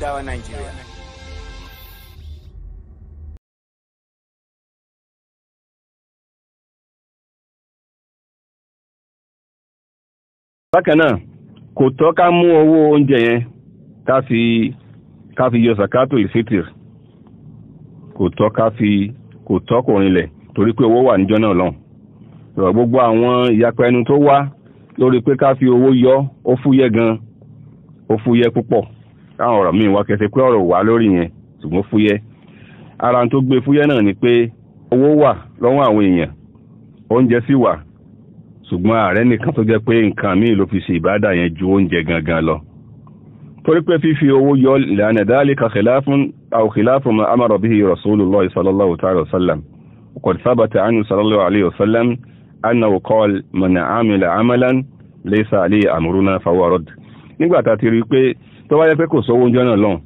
dawa Nigeria. bákan náà kò tọ́ ká mú owó oúnjẹ yẹn ká fi ká fi yọ zakato ìfitir kò tọ́ ká fi kò tọ́ kò rinlẹ̀ torí pé owó wà níjọ́ náà lọ́hùn rọ̀ gbogbo àwọn ìyapa ẹnu tó wá lórí pé ká fi owó yọ ó fúyẹ́ gan ó fúyẹ́ púpọ̀ káwọn ọ̀rọ̀ míì wá kẹsẹ̀ pé ọ̀rọ̀ wà lórí yẹn ṣùgbọ́n fúyẹ́ ara tó gbé fúyẹ́ náà ni pé owó wà lọ́wọ́ àwọn èèyàn oúnjẹ sì wà ṣùgbọ́n ààrẹ nìkan tó jẹ́ pé nǹkan míì ló fi ṣe ìbádà yẹn ju oúnjẹ gangan lọ torí pé fífi owó yọ lẹ́nà dhalika khilafun aw khilafu ma amara bihi rasulullah sallallahu ta'ala wa sallam qad thabata anhu sallallahu nígbà tá a ti rí pé tó bá yẹ pé kò sówó oúnjẹ náà lọ́hùn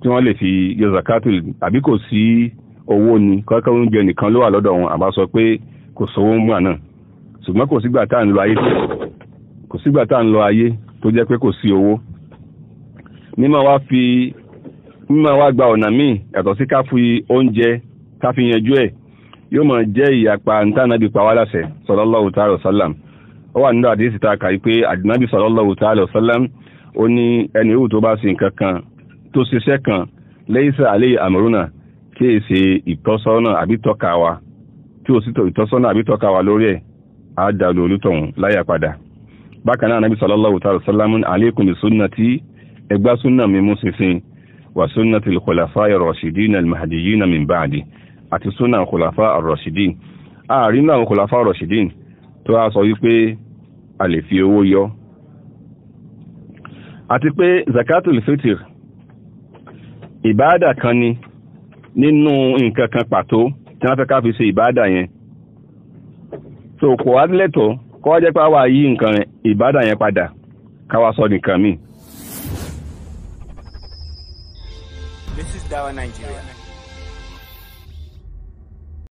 tí wọ́n lè fi yọ zakatu àbí kò sí owó ni kọ́kọ́ oúnjẹ nìkan ló wà lọ́dọ̀ wọn àbá sọ pé kò sówó ń gbà náà ṣùgbọ́n kò sígbà tá à ń lọ ayé kò sígbà tá à ń lọ ayé tó jẹ́ pé kò sí owó mímọ̀ wá fi mímọ̀ wá gba ọ̀nà míì yàtọ̀ sí ká fi oúnjẹ ká fi yanjú ẹ̀ yóò máa jẹ́ ìyapa ntànàbí pa wá láṣẹ sallallahu ta'ala wa sallam ó wà nínú àdéhìsì tá a kà yí pé àdínábì sallallahu ta'ala wa sallam ó ní ẹni yòówù tó bá sin nǹkan kan tó ṣiṣẹ́ kan lẹ́yìn sẹ́ àlẹ́ àmọ́rúnà kí è ṣe ìtọ́sọ́nà àbí tọ́ka wa tí ó sì ìtọ́sọ́nà àbí tọ́ka wa lórí ẹ̀ á dàlú olùtọ̀hún láyà padà bákan náà nàbí sallallahu ta'ala sallamun alaykum sunnati ẹgbà súnà mi mú ṣinṣin wà sunnati al-khulafa'i ar-rashidin al-mahdiyyin min ba'di àti súnà al-khulafa'i ar-rashidin àárín náà al-khulafa'i tó a sọ wípé a lè fi owó yọ àti pé zakatul fitr ìbáàdà kan ni nínú nǹkan kan pàtó tí wọ́n fẹ́ ká fi ṣe ìbáàdà yẹn so kò wá lẹ́tọ̀ kó wá jẹ́ pé àwa yí nǹkan ìbáàdà yẹn padà káwa sọ nìkan míì. This is Dawah Nigeria.